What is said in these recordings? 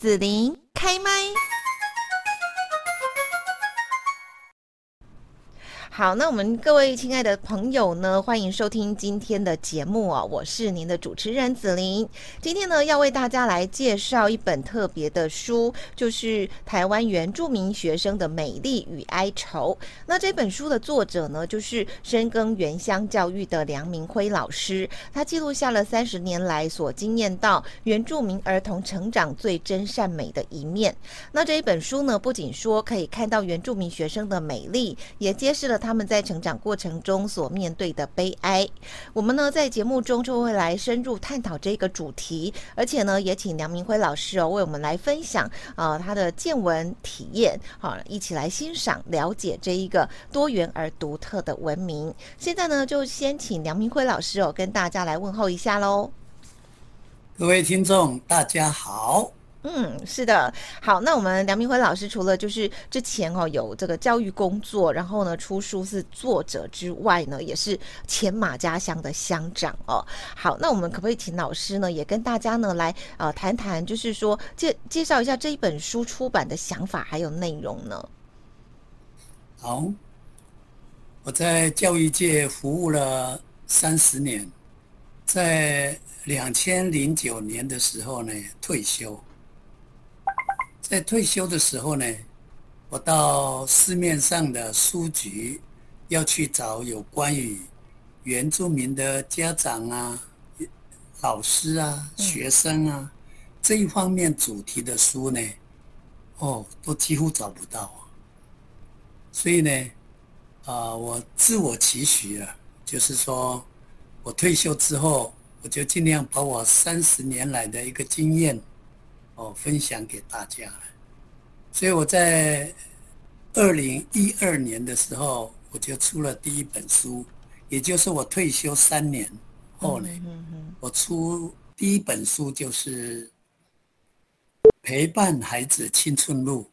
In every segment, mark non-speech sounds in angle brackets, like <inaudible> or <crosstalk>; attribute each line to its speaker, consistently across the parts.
Speaker 1: 子琳開麥。好，那我們各位親愛的朋友呢，歡迎收聽今天的節目啊！我是您的主持人子琳。今天呢，要為大家來介紹一本特別的書，就是《台灣原住民學生的美麗與哀愁》。那這本書的作者呢，就是深耕原鄉教育的梁明輝老師，他記錄下了三十年來所經驗到原住民兒童成長最真善美的一面。那這一本書呢，不僅說可以看到原住民學生的美麗，也揭示了他。他們在成長過程中所面對的悲哀，我們呢在節目中就會來深入探討這個主題，而且呢也請梁明輝老師哦為我們來分享啊他的見聞體驗，好、啊、一起來欣賞了解這一個多元而獨特的文明。現在呢就先請梁明輝老師哦跟大家來問候一下嘍，
Speaker 2: 各位聽眾大家
Speaker 1: 好！嗯，是的。好，那我們梁明輝老師除了就是之前哦有這個教育工作，然後呢出書是作者之外呢，也是前馬家鄉的鄉長哦。好，那我們可不可以請老師呢也跟大家呢來呃談談，就是說介介紹一下這一本書出版的想法還有內容呢？
Speaker 2: 好，我在教育界服務了三十年，在兩千零九年的時候呢退休。在退休的時候呢，我到市面上的書局，要去找有關於原住民的家長啊、老師啊、學生啊這一方面主題的書呢，哦，都幾乎找不到啊。所以呢，啊，我自我期許啊，就是說我退休之後，我就盡量把我三十年來的一個經驗。我分享給大家，所以我在二零一二年的時候，我就出了第一本書，也就是我退休三年後呢，我出第一本書就是《陪伴孩子青春路：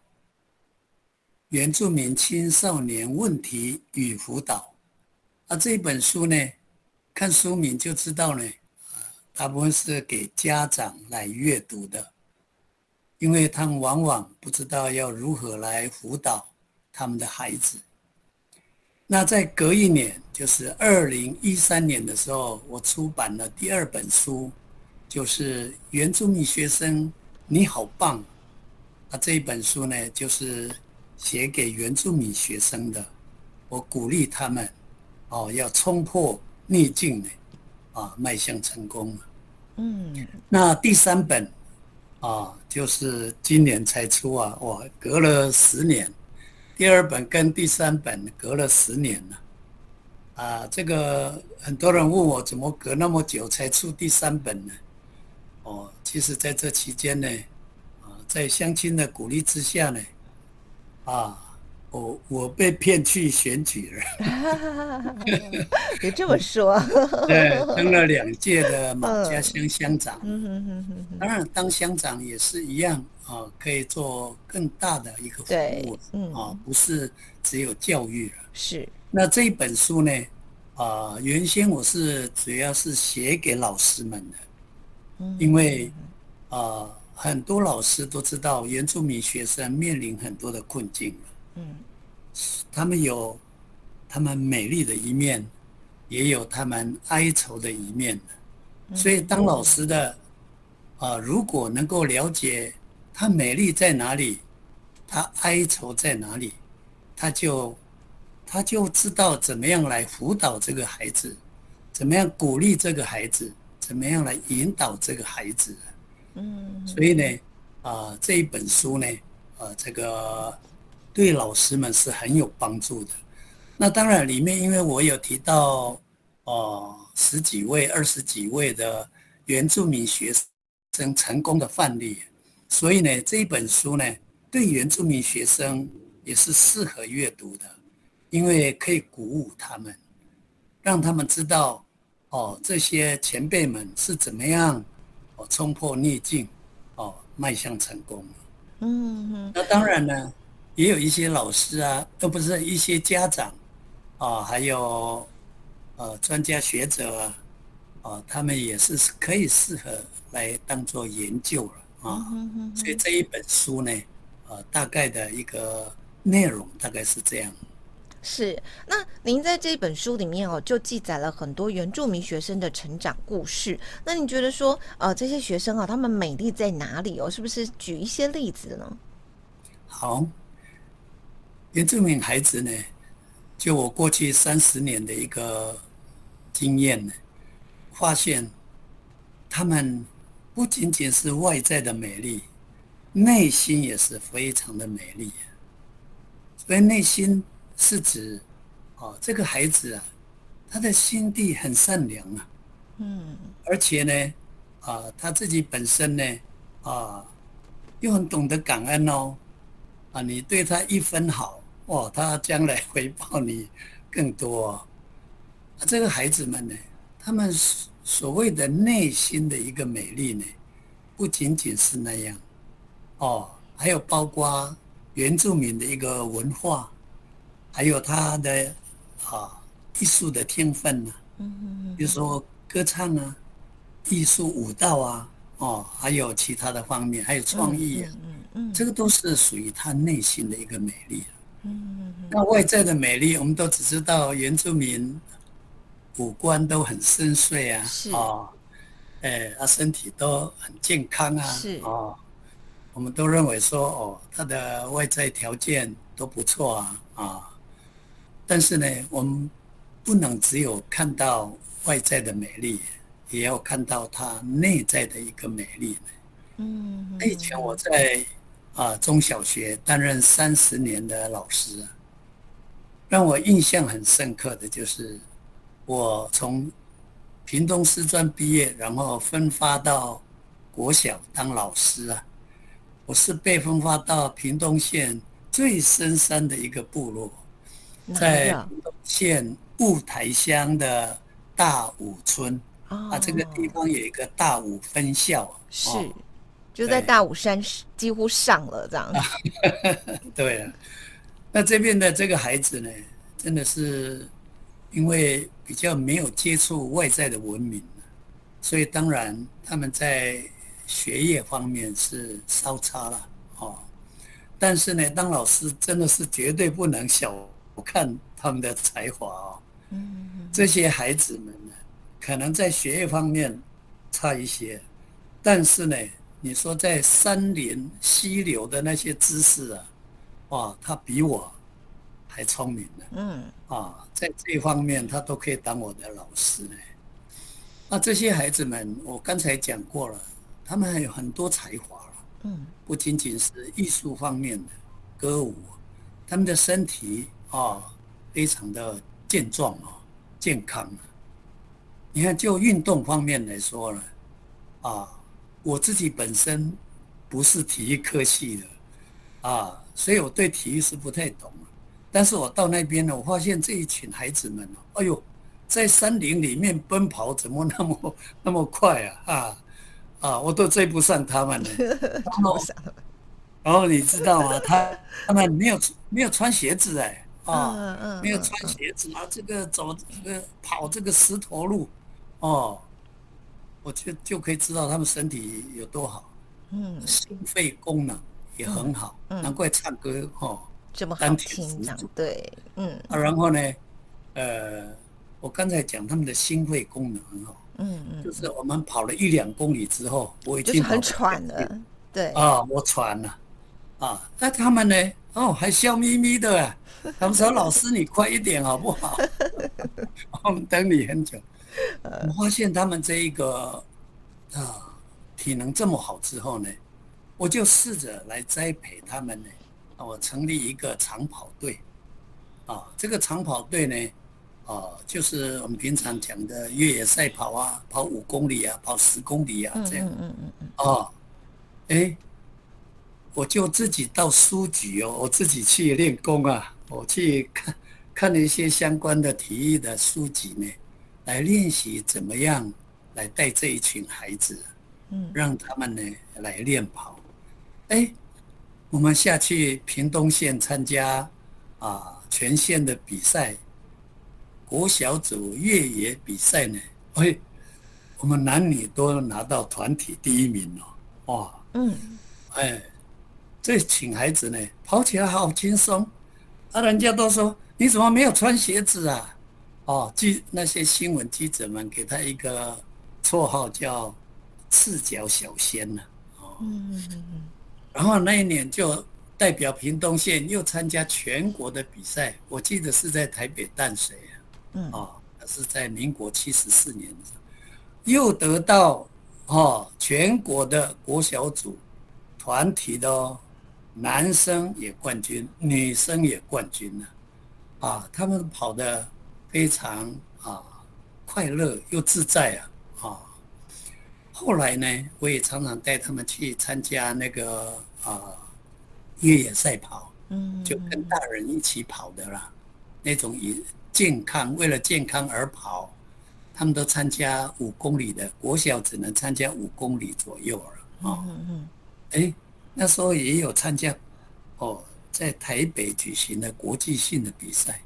Speaker 2: 原住民青少年問題與輔導》。那這一本書呢，看書名就知道呢，大部分是給家長來閱讀的。因為他們往往不知道要如何來輔導他們的孩子。那在隔一年，就是二零一三年的時候，我出版了第二本書，就是《原住民學生你好棒》。那這一本書呢，就是寫給原住民學生的，我鼓勵他們哦，要衝破逆境的啊，邁向成功。嗯。那第三本啊。就是今年才出啊，我隔了十年，第二本跟第三本隔了十年了，啊、啊，這個很多人問我怎麼隔那麼久才出第三本呢？哦，其實在這期間呢，在鄉親的鼓勵之下呢，啊。我我被騙去選舉了
Speaker 1: <laughs> 啊，別這麼說。 <laughs> 對，當了
Speaker 2: 兩屆的馬家鄉、嗯、鄉長。
Speaker 1: 當
Speaker 2: 然，當鄉長也是一樣啊、呃，可以做更大的一個服務。啊、嗯呃，不是只有教育了。是。那這一本書呢，啊、呃，原先我是主要是寫給老師們的，因為啊、嗯呃，很多老師都知道原住民學生面臨很多的困境了。他們有他們美麗的一面，也有他們哀愁的一面。所以當老師的啊、呃，如果能夠了解他美麗在哪裡，他哀愁在哪裡，他就他就知道怎麼樣來輔導這個孩子，怎麼樣鼓勵這個孩子，怎麼樣來引導這個孩子。所以呢，啊，這一本書呢，啊，這個。對老師們是很有幫助的。那當然，裡面因為我有提到哦十幾位、二十幾位的原住民學生成功的範例，所以呢，這一本書呢，對原住民學生也是適合閱讀的，因為可以鼓舞他們，讓他們知道哦這些前輩們是怎麼樣哦衝破逆境哦邁向成功的。嗯，
Speaker 1: 那當
Speaker 2: 然呢。也有一些老師啊，都不是一些家長，啊，還有，呃，專家學者啊，啊，他們也是可以適合來當做研究了啊、嗯哼哼。所以這一本書呢，呃，大概的一個內容大概是這樣。
Speaker 1: 是，那您在這本書裡面哦，就記載了很多原住民學生的成長故事。那你覺得說，呃，這些學生啊，他們美麗在哪裡哦？是不是舉一些例子呢？
Speaker 2: 好。原住民孩子呢，就我過去三十年的一個經驗呢，發現他們不僅僅是外在的美麗，內心也是非常的美麗。所以內心是指啊，這個孩子啊，他的心地很善良啊，嗯，而且呢，啊，他自己本身呢，啊，又很懂得感恩哦，啊，你對他一分好。哇、哦，他將來回報你更多啊，這個孩子們呢，他們所謂的內心的一個美麗呢，不僅僅是那樣哦，還有包括原住民的一個文化，還有他的啊藝術的天分呢啊。比如說歌唱啊，藝術舞蹈啊，哦，還有其他的方面，還有創意啊。這個都是屬於他內心的一個美麗啊。那外在的美麗，嗯，我們都只知道原住民五官都很深邃啊，啊，哎、哦欸、他身體都很健康啊，哦、我們都認為說哦，他的外在條件都不錯啊啊、哦，但是呢，我們不能只有看到外在的美麗，也要看到他內在的一個美麗。嗯，那以前我在。啊，中小學擔任三十年的老師，啊，讓我印象很深刻的就是，我從屏東師專畢業，然後分發到國小當老師啊。我是被分發到屏東縣最深山的一個部落，
Speaker 1: 在屏
Speaker 2: 東縣霧台鄉的大武村，oh. 啊，這個地方有一個大武分校，啊，是。
Speaker 1: 就在大武山，幾乎上了這樣子。
Speaker 2: 對， <laughs> 對啊，那這邊的這個孩子呢，真的是因為比較沒有接觸外在的文明，所以當然他們在學業方面是稍差了哦。但是呢，當老師真的是絕對不能小看他們的才華哦。這些孩子們呢，可能在學業方面差一些，但是呢。你說在山林溪流的那些知識啊，哦，他比我還聰明呢。嗯，啊，在這方面他都可以當我的老師呢、欸。那這些孩子們，我剛才講過了，他們還有很多才華嗯，不僅僅是藝術方面的歌舞、啊，他們的身體啊，非常的健壯啊，健康、啊。你看，就運動方面來說了，啊。我自己本身不是體育科系的啊，所以我對體育是不太懂。但是我到那邊呢，我發現這一群孩子們，哎呦，在山林裡面奔跑，怎麼那麼那麼快啊啊啊！我都追不上他們了。然後然後你知道嗎？他 <laughs> 他們沒有沒有穿鞋子哎、欸，啊，沒有穿鞋子啊，這個走這個跑這個石頭路，哦、啊。我就就可以知道他們身體有多好，
Speaker 1: 嗯，心
Speaker 2: 肺功能也很好，嗯嗯、難怪唱歌哦，
Speaker 1: 這麼好聽，對，嗯啊，
Speaker 2: 然後呢，呃，我剛才講他們的心肺功能很好，嗯
Speaker 1: 嗯，
Speaker 2: 就是我們跑了一兩公里之後，我已經、就是、很喘了、啊，對，啊，我喘了、啊，啊，那他們呢，哦，還笑眯眯的、啊，他們說 <laughs> 老師你快一點好不好， <laughs> 我們等你很久。我發現他們這一個啊體能這麼好之後呢，我就試着來栽培他們呢、啊。我成立一個長跑隊，啊，這個長跑隊呢，啊，就是我們平常講的越野賽跑啊，跑五公里啊，跑十公里啊，這樣，啊、欸，我就自己到書局哦，我自己去練功啊，我去看看了一些相關的體育的書籍呢。來練習怎麼樣來帶這一群孩子，嗯，讓他們呢來練跑。哎、欸，我們下去屏東縣參加啊全縣的比賽，國小組越野比賽呢，嘿、欸，我們男女都拿到團體第一名哦。哇，嗯，哎，這群孩子呢跑起來好輕鬆，啊，人家都說你怎麼沒有穿鞋子啊？哦，記那些新聞記者們給他一個綽號叫“赤腳小仙”吶。哦，嗯嗯
Speaker 1: 嗯
Speaker 2: 嗯。然後那一年就代表屏東縣又參加全國的比賽，我記得是在台北淡水啊。哦、嗯。哦，是在民國七十四年的時候，又得到哈、哦、全國的國小組團體的男生也冠軍，嗯、女生也冠軍呢、啊。啊，他們跑的。非常啊，快樂又自在啊啊！後來呢，我也常常帶他們去參加那個啊越野賽跑，嗯，就跟大人一起跑的啦。那種以健康為了健康而跑，他們都參加五公里的，國小只能參加五公里左右了啊。嗯嗯，哎，那時候也有參加哦，在台北舉行的國際性的比賽。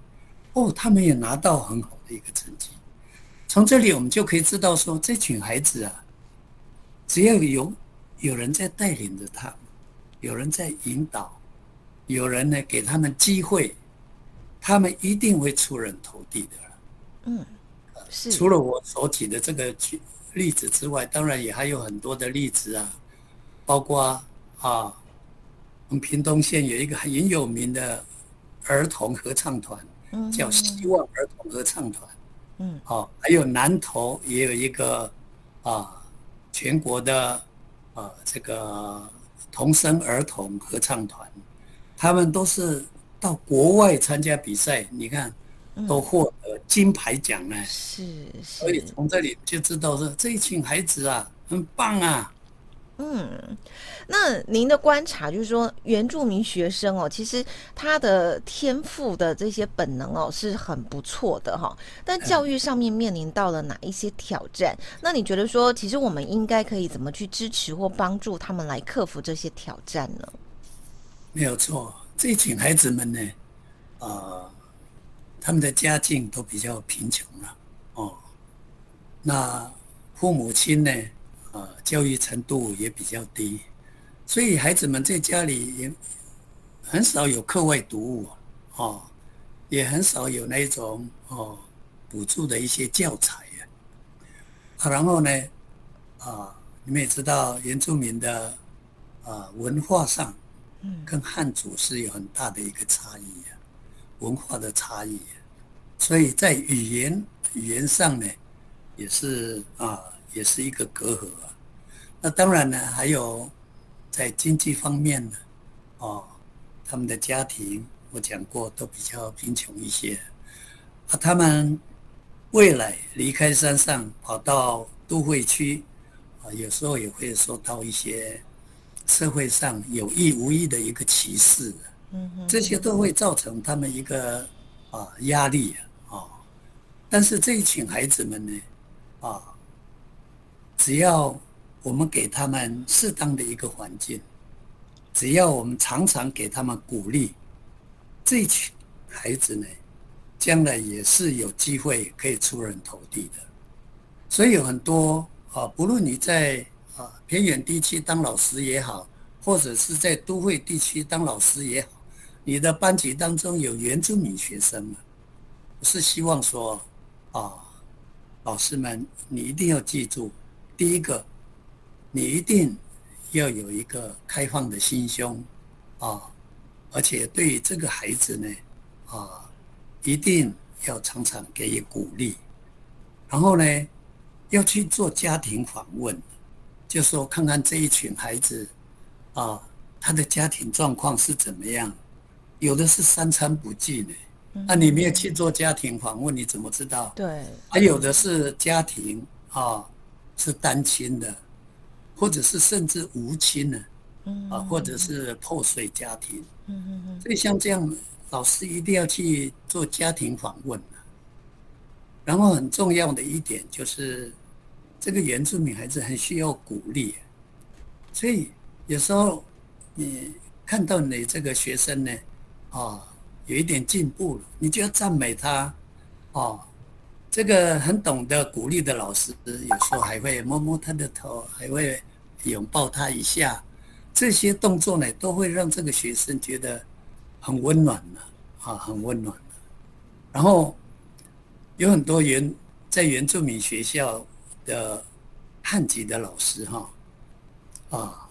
Speaker 2: 哦，他們也拿到很好的一個成績。從這裡我們就可以知道說，說這群孩子啊，只要有有人在帶領着他們，有人在引導，有人呢給他們機會，他們一定會出人頭地的了。嗯，是。呃，除了我所舉的這個例子之外，當然也還有很多的例子啊，包括啊，我們屏東縣有一個很有名的兒童合唱團。叫希望兒童合唱團，嗯，好、嗯哦，還有南投也有一個啊，全國的啊這個童聲兒童合唱團，他們都是到國外參加比賽，你看都獲得金牌獎呢、嗯，是，所以從這裡就知道說這一群孩子啊，很棒啊。
Speaker 1: 嗯，那您的觀察就是說，原住民學生哦，其實他的天賦的這些本能哦是很不錯的哈、哦。但教育上面面臨到了哪一些挑戰？嗯、那你覺得說，其實我們應該可以怎麼去支持或幫助他們來克服這些挑戰呢？
Speaker 2: 沒有錯，這群孩子們呢，啊、呃，他們的家境都比較貧窮了哦。那父母親呢？呃，教育程度也比較低，所以孩子們在家裡也很少有課外讀物啊、哦，也很少有那種哦補助的一些教材呀、啊。然後呢，啊，你們也知道，原住民的啊文化上，跟漢族是有很大的一個差異、啊、文化的差異、啊，所以在語言語言上呢，也是啊。也是一個隔閡啊。那當然呢，還有在經濟方面呢，哦，他們的家庭，我講過都比較貧窮一些。啊，他們未來離開山上跑到都會區，啊，有時候也會受到一些社會上有意無意的一個歧視。嗯哼，這些都會造成他們一個啊壓力啊。但是這一群孩子們呢，啊。只要我們給他們適當的一個環境，只要我們常常給他們鼓勵，這群孩子呢，將來也是有機會可以出人頭地的。所以有很多啊，不論你在啊偏遠地區當老師也好，或者是在都會地區當老師也好，你的班級當中有原住民學生嘛，我是希望說啊，老師們你一定要記住。第一個，你一定要有一個開放的心胸，啊，而且對於這個孩子呢，啊，一定要常常給予鼓勵，然後呢，要去做家庭訪問，就是、說看看這一群孩子，啊，他的家庭狀況是怎麼樣，有的是三餐不繼的，那、嗯啊、你沒有去做家庭訪問，你怎麼知道？對，
Speaker 1: 還、
Speaker 2: 啊、有的是家庭啊。是單親的，或者是甚至無親的，嗯，啊，或者是破碎家庭，嗯嗯嗯，所以像這樣，老師一定要去做家庭訪問啊，然後很重要的一點就是，這個原住民孩子很需要鼓勵啊，所以有時候你看到你這個學生呢，啊，哦，有一點進步了，你就要讚美他，哦。這個很懂得鼓勵的老師，有時候還會摸摸他的頭，還會擁抱他一下，這些動作呢，都會讓這個學生覺得很溫暖了、啊，啊，很溫暖了、啊。然後，有很多原在原住民學校的漢籍的老師，哈，啊，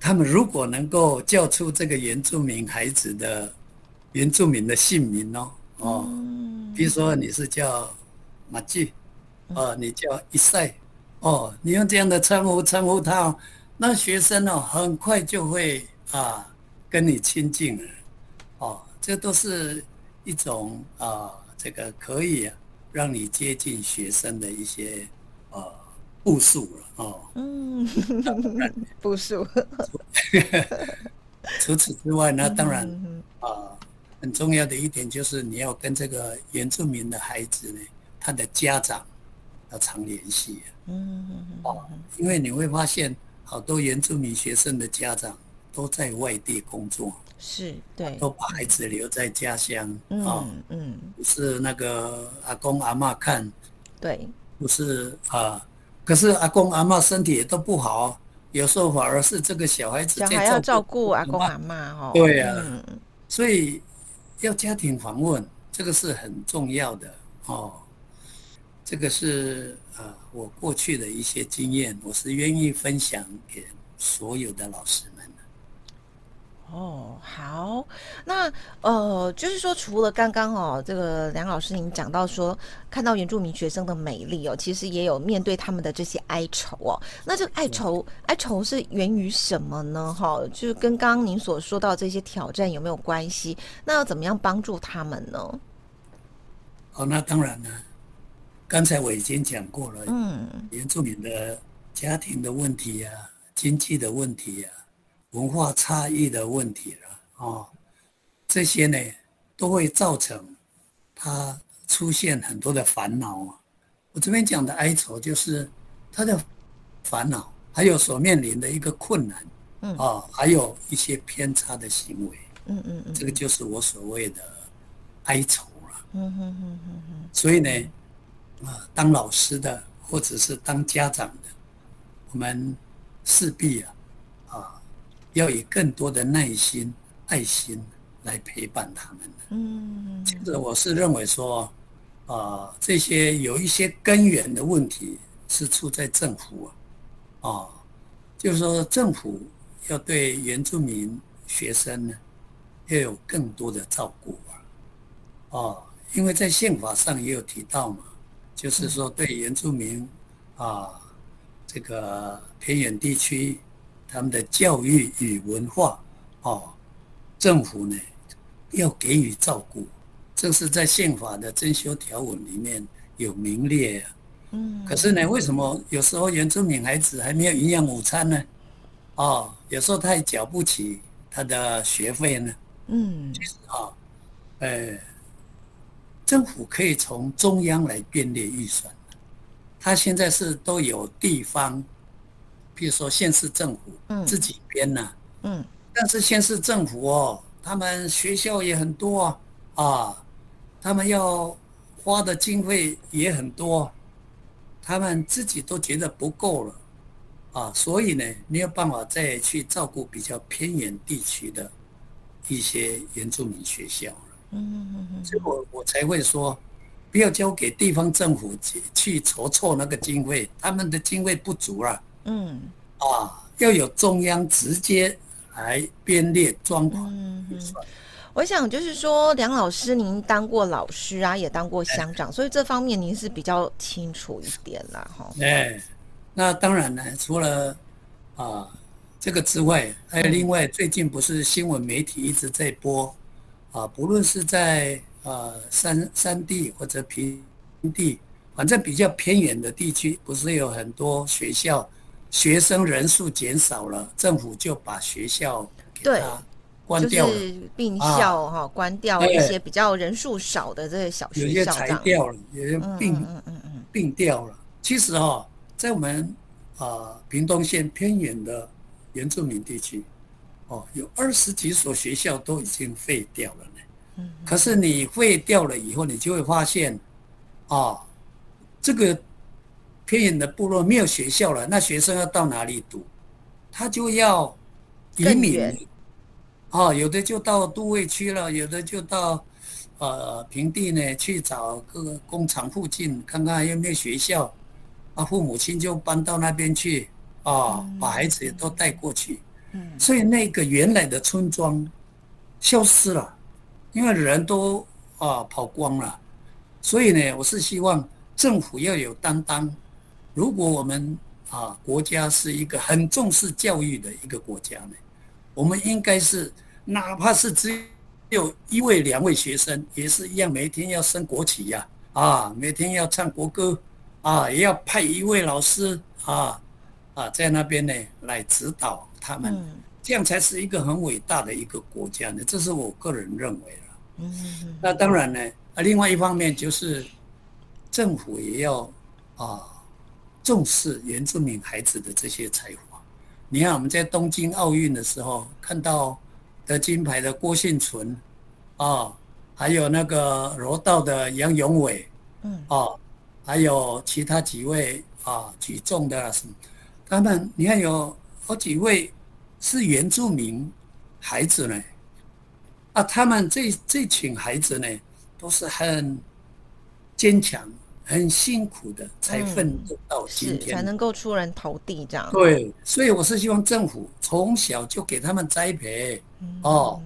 Speaker 2: 他們如果能夠叫出這個原住民孩子的原住民的姓名哦，哦、啊嗯，比如說你是叫。馬、哦、季，你叫一賽，哦，你用這樣的稱呼稱呼他、哦，那學生呢、哦？很快就會啊，跟你親近了，哦，這都是一種啊，這個可以、啊、讓你接近學生的一些啊步數
Speaker 1: 了，哦，嗯，步數。
Speaker 2: 除此之外，呢，當然、嗯嗯、啊，很重要的一點就是你要跟這個原住民的孩子呢。他的家長要常聯繫、啊，嗯，哦、嗯嗯，因為你會發現好多原住民學生的家長都在外地工作，是
Speaker 1: 對，都
Speaker 2: 把孩子留在家鄉，嗯、哦、嗯，嗯，不是那個阿公阿媽看，對，不是啊、呃，可是阿公阿媽身體也都不好，有時候反而是這個小孩子在照顧阿公阿媽哦、啊啊
Speaker 1: 啊啊啊，對呀、啊嗯，
Speaker 2: 所以要家庭訪問，這個是很重要的哦。這個是呃，我過去的一些經驗，我是願意分享給所有的老師們。哦，
Speaker 1: 好，那呃，就是說，除了剛剛哦，這個梁老師您講到說，看到原住民學生的美麗哦，其實也有面對他們的這些哀愁哦。那這個哀愁，哀愁是源於什麼呢？哈、哦，就是跟剛剛您所說到這些挑戰有沒有關係？那要怎麼樣幫助他們呢？
Speaker 2: 哦，那當然呢。剛才我已經講過了，嗯，原住民的家庭的問題呀、啊，經濟的問題呀、啊，文化差異的問題了，哦，這些呢都會造成他出現很多的煩惱啊。我這邊講的哀愁，就是他的煩惱，還有所面臨的一個困難，嗯，哦，還有一些偏差的行為，嗯嗯
Speaker 1: 嗯，這個
Speaker 2: 就是我所謂的哀愁
Speaker 1: 了，嗯哼哼哼哼，所以呢。啊，
Speaker 2: 當老師的或者是當家長的，我們勢必啊，啊，要以更多的耐心、愛心來陪伴他們。嗯，其實我是認為說，啊，這些有一些根源的問題是出在政府啊，啊，就是說政府要對原住民學生呢要有更多的照顧啊，哦、啊，因為在憲法上也有提到嘛。就是說，對原住民啊，這個偏遠地區，他們的教育與文化，哦、啊，政府呢要給予照顧，這是在憲法的增修條文裡面有明列。啊。可是呢，為什麼有時候原住民孩子還沒有營養午餐呢？哦、啊，有時候他也繳不起他的學費呢。嗯。
Speaker 1: 其實
Speaker 2: 啊，哎、欸。政府可以從中央來編列預算，他現在是都有地方，比如說縣市政府自己編呢、啊嗯嗯。但是縣市政府哦，他們學校也很多啊，啊，他們要花的經費也很多，他們自己都覺得不夠了，啊，所以呢沒有辦法再去照顧比較偏遠地區的一些原住民學校。嗯嗯嗯，所以我我才會說，不要交給地方政府去去籌措那個經費，他們的經費不足了。嗯，啊，要有中央直接來編列專款。嗯嗯，
Speaker 1: 我想就是說，梁老師您當過老師啊，也當過鄉長、欸，所以這方面您是比較清楚一點啦。
Speaker 2: 哈。哎、欸，那當然呢，除了啊這個之外，還有另外最近不是新聞媒體一直在播。嗯啊，不論是在呃山山地或者平地，反正比較偏遠的地區，不是有很多學校，學生人數減少了，政府就把學校
Speaker 1: 給它關掉。對，就是併校哈，啊啊，關掉一些比較人數少的這些小學校，有些裁掉
Speaker 2: 了，有些併併、嗯嗯嗯、掉了。其實哈、哦，在我們啊、呃、屏東縣偏遠的原住民地區。哦，有二十幾所學校都已經廢掉了呢。嗯，可是你廢掉了以後，你就會發現，哦，這個偏遠的部落沒有學校了，那學生要到哪裡讀？他就要移民。哦，有的就到都會區了，有的就到呃平地呢，去找各個工廠附近看看有沒有學校。啊，父母親就搬到那邊去啊，把孩子都帶過去。所以那個原來的村莊消失了，因為人都啊跑光了。所以呢，我是希望政府要有擔當。如果我們啊國家是一個很重視教育的一個國家呢，我們應該是哪怕是只有一位、兩位學生也是一樣，每天要升國旗呀，啊，每天要唱國歌，啊，也要派一位老師啊啊在那邊呢來指導。他們這樣才是一個很偉大的一個國家呢，這是我個人認為啦。嗯，那當然呢啊，另外一方面就是政府也要啊重視原住民孩子的這些才華。你看我們在東京奧運的時候看到得金牌的郭婞淳啊，還有那個柔道的楊勇緯，嗯，啊，還有其他幾位啊舉重的、啊、什麼，他們你看有。好幾位是原住民孩子呢，啊，他們這這群孩子呢，都是很堅強、很辛苦的，才奮鬥到今天，嗯、才能
Speaker 1: 夠出人頭地這樣。對，
Speaker 2: 所以我是希望政府從小就給他們栽培、嗯，哦，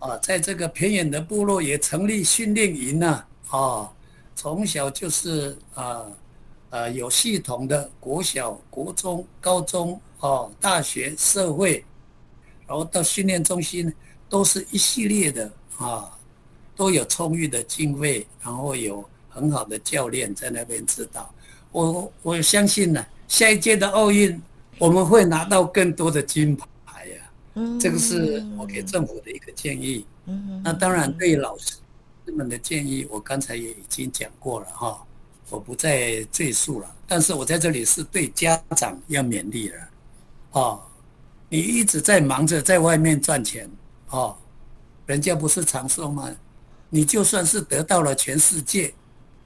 Speaker 2: 啊，在這個偏遠的部落也成立訓練營呢，啊，從、哦、小就是啊、呃，呃，有系統的國小、國中、高中。哦、oh,，大學、社會，然後到訓練中心，都是一系列的啊，oh, 都有充裕的經費，然後有很好的教練在那邊指導。我我相信呢、啊，下一屆的奧運，我們會拿到更多的金牌呀。嗯，這個是我給政府的一個建議。嗯、mm -hmm.，那當然，對老師們的建議，我剛才也已經講過了哈，oh, 我不再贅述了。但是我在這裡是對家長要勉勵了。哦，你一直在忙着在外面賺錢，哦，人家不是常說嗎？你就算是得到了全世界，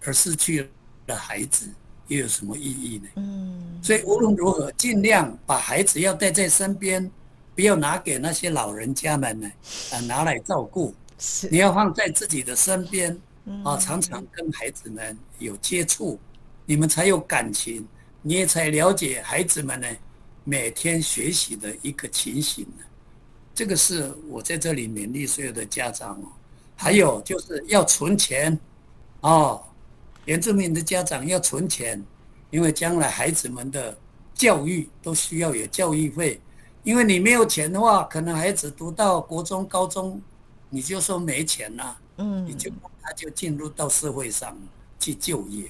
Speaker 2: 而失去了孩子，又有什麼意義呢？嗯、所以無論如何，嗯、儘量把孩子要帶在身邊，不要拿給那些老人家們呢，啊、呃，拿來照顧。是，你要放在自己的身邊，啊、哦嗯，常常跟孩子們有接觸，你們才有感情，你也才了解孩子們呢。每天學習的一個情形、啊、這個是我在這裡勉勵所有的家長哦、喔。還有就是要存錢，哦，原住民的家長要存錢，因為將來孩子們的教育都需要有教育費，因為你沒有錢的話，可能孩子讀到國中、高中，你就說沒錢了，嗯，你就他就進入到社會上去就業，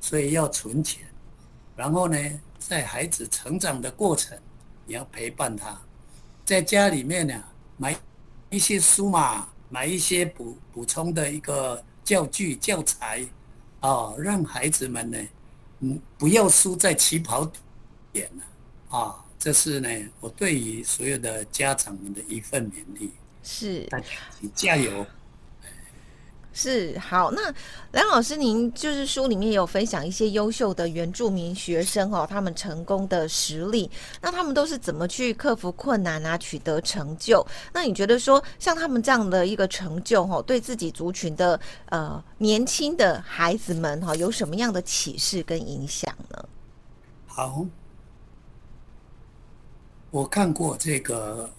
Speaker 2: 所以要存錢，然後呢，在孩子成長的過程，你要陪伴他，在家裡面呢，買一些書嘛，買一些補補充的一個教具教材，啊、哦，讓孩子們呢，嗯，不要輸在起跑點啊、哦，這是呢，我對於所有的家長們的一份勉勵，是，大家請加油。
Speaker 1: 是好，那梁老師，您就是書裡面有分享一些優秀的原住民學生哦，他們成功的實例，那他們都是怎麼去克服困難啊，取得成就？那你覺得說像他們這樣的一個成就哈，對自己族群的呃年輕的孩子們哈，有什麼樣的啟示跟影響呢？
Speaker 2: 好，我看過這個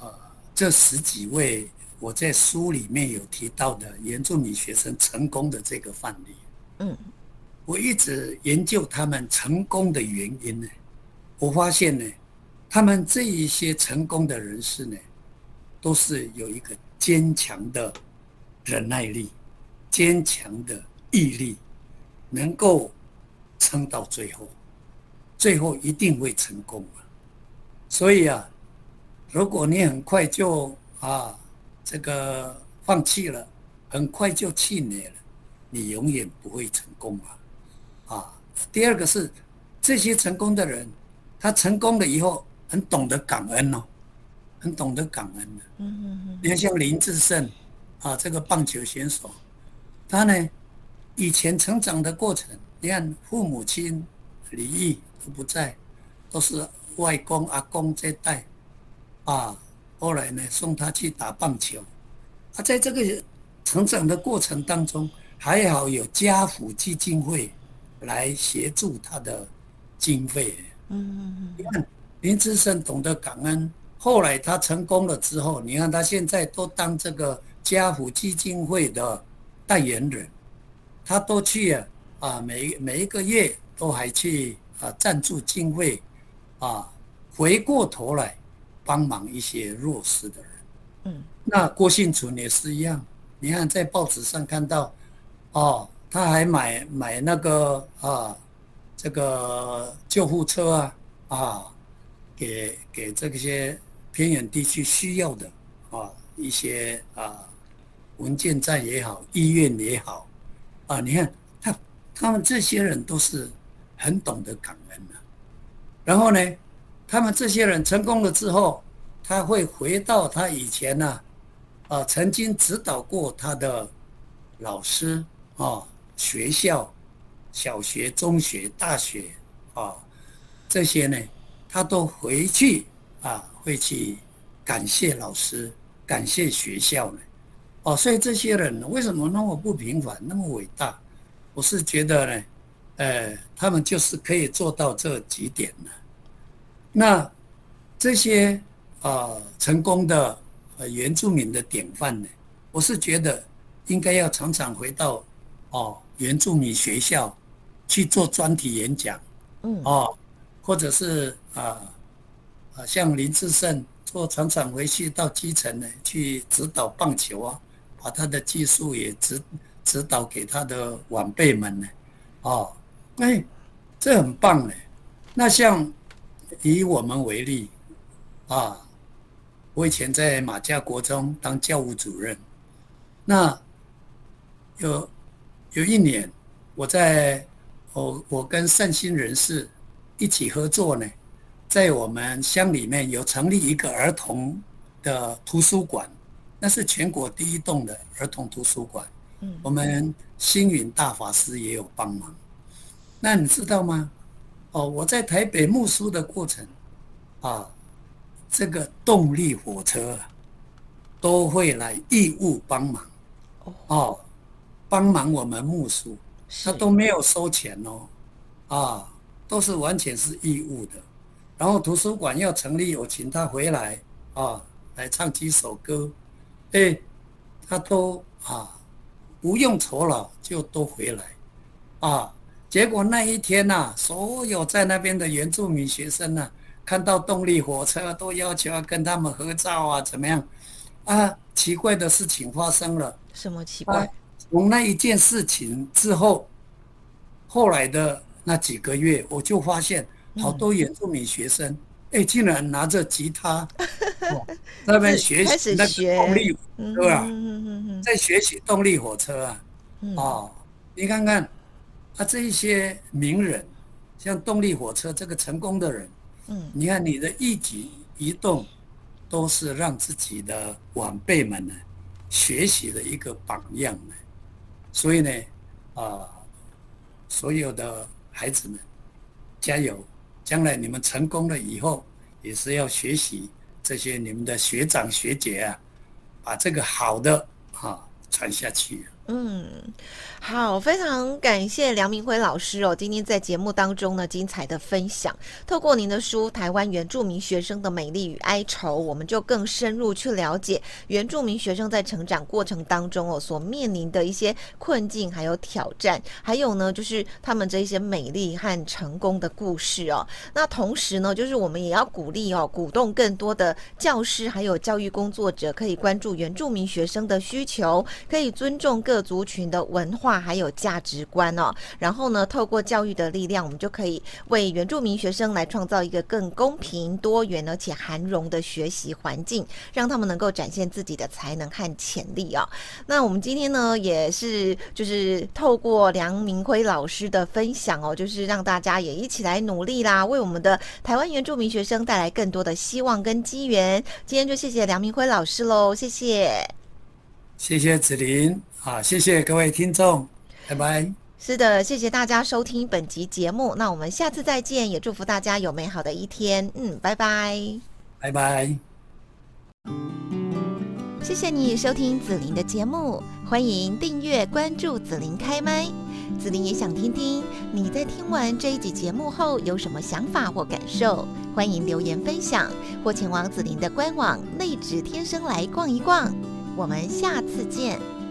Speaker 2: 呃，這十幾位。我在書裡面有提到的原住民學生成功的這個範例，嗯，我一直研究他們成功的原因呢，我發現呢，他們這一些成功的人士呢，都是有一個堅強的忍耐力，堅強的毅力，能夠撐到最後，最後一定會成功。所以啊，如果你很快就啊，這個放棄了，很快就氣餒了，你永遠不會成功啊！啊，第二個是，這些成功的人，他成功了以後很懂得感恩哦，很懂得感恩。嗯嗯嗯。你看，像林智勝啊，這個棒球選手，他呢，以前成長的過程，你看父母親離異都不在，都是外公阿公在帶，啊。後來呢，送他去打棒球，他在這個成長的過程當中，還好有家扶基金會來協助他的經費。嗯嗯嗯。你看林智勝懂得感恩，後來他成功了之後，你看他現在都當這個家扶基金會的代言人，他都去啊啊，每每一個月都還去啊贊助經費，啊，回過頭來。幫忙一些弱勢的人，嗯，那郭信存也是一樣。你看在報紙上看到，哦，他還買買那個啊，這個救護車啊，啊，給給這些偏遠地區需要的啊一些啊文件站也好，醫院也好，啊，你看他他們這些人都是很懂得感恩的。然後呢，他們這些人成功了之後，他會回到他以前呢，啊、呃，曾經指導過他的老師啊、哦，學校、小學、中學、大學啊、哦，這些呢，他都回去啊，會去感謝老師，感謝學校呢。哦，所以這些人為什麼那麼不平凡，那麼偉大？我是覺得呢，呃，他們就是可以做到這幾點呢。那這些啊、呃、成功的、呃、原住民的典範呢，我是覺得應該要常常回到哦、呃、原住民學校去做專題演講，嗯、呃、哦，或者是啊啊、呃、像林志勝做常常回去到基層呢去指導棒球啊，把他的技術也指指導給他的晚輩們呢，哦、呃、哎、欸，這很棒呢。那像。以我們為例，啊，我以前在馬家國中當教務主任，那有有一年我，我在我我跟善心人士一起合作呢，在我們鄉裡面有成立一個兒童的圖書館，那是全國第一棟的兒童圖書館。嗯，我們星雲大法師也有幫忙。那你知道嗎？哦，我在台北募書的過程，啊，這個動力火車、啊、都會來義務幫忙，哦、啊，幫忙我們募書，他都沒有收錢哦，啊，都是完全是義務的。然後圖書館要成立，有請他回來啊，來唱幾首歌，誒，他都啊不用酬勞就都回來，啊。結果那一天吶、啊，所有在那邊的原住民學生啊，看到動力火車都要求要跟他們合照啊，怎麼樣？啊，奇怪的事情發生了。什麼奇怪？從、啊、那一件事情之後，後來的那幾個月，我就發現好多原住民學生，哎、嗯欸，竟然拿着吉他 <laughs> 那邊學習那個動力，對吧？在學習動力火車啊，哦、嗯嗯嗯嗯啊啊嗯，你看看。啊，這一些名人，像動力火車這個成功的人，嗯，你看你的一舉一動，都是讓自己的晚輩們呢學習的一個榜樣。所以呢，啊、呃，所有的孩子們，加油！將來你們成功了以後，也是要學習這些你們的學長學姐啊，把這個好的啊傳下去。
Speaker 1: 嗯，好，非常感謝梁明輝老師哦，今天在節目當中呢，精彩的分享，透過您的書《台灣原住民學生的美麗與哀愁》，我們就更深入去了解原住民學生在成長過程當中哦所面臨的一些困境，還有挑戰，還有呢，就是他們這些美麗和成功的故事哦。那同時呢，就是我們也要鼓勵哦，鼓動更多的教師還有教育工作者可以關注原住民學生的需求，可以尊重更各族群的文化還有價值觀哦，然後呢，透過教育的力量，我們就可以為原住民學生來創造一個更公平、多元而且含容的學習環境，讓他們能夠展現自己的才能和潛力哦，那我們今天呢，也是就是透過梁明輝老師的分享哦，就是讓大家也一起來努力啦，為我們的台灣原住民學生帶來更多的希望跟機緣。今天就謝謝梁明輝老師嘍，謝謝。
Speaker 2: 謝謝子琳，好、啊，謝謝各位聽眾，拜拜。
Speaker 1: 是的，謝謝大家收聽本集節目，那我們下次再見，也祝福大家有美好的一天。嗯，拜拜，拜拜。謝謝你收聽子琳的節目，歡迎訂閱關注子琳開麥。子琳也想聽聽你在聽完這一集節目後有什麼想法或感受，歡迎留言分享，或前往子琳的官網麗質天聲來逛一逛。我們下次見。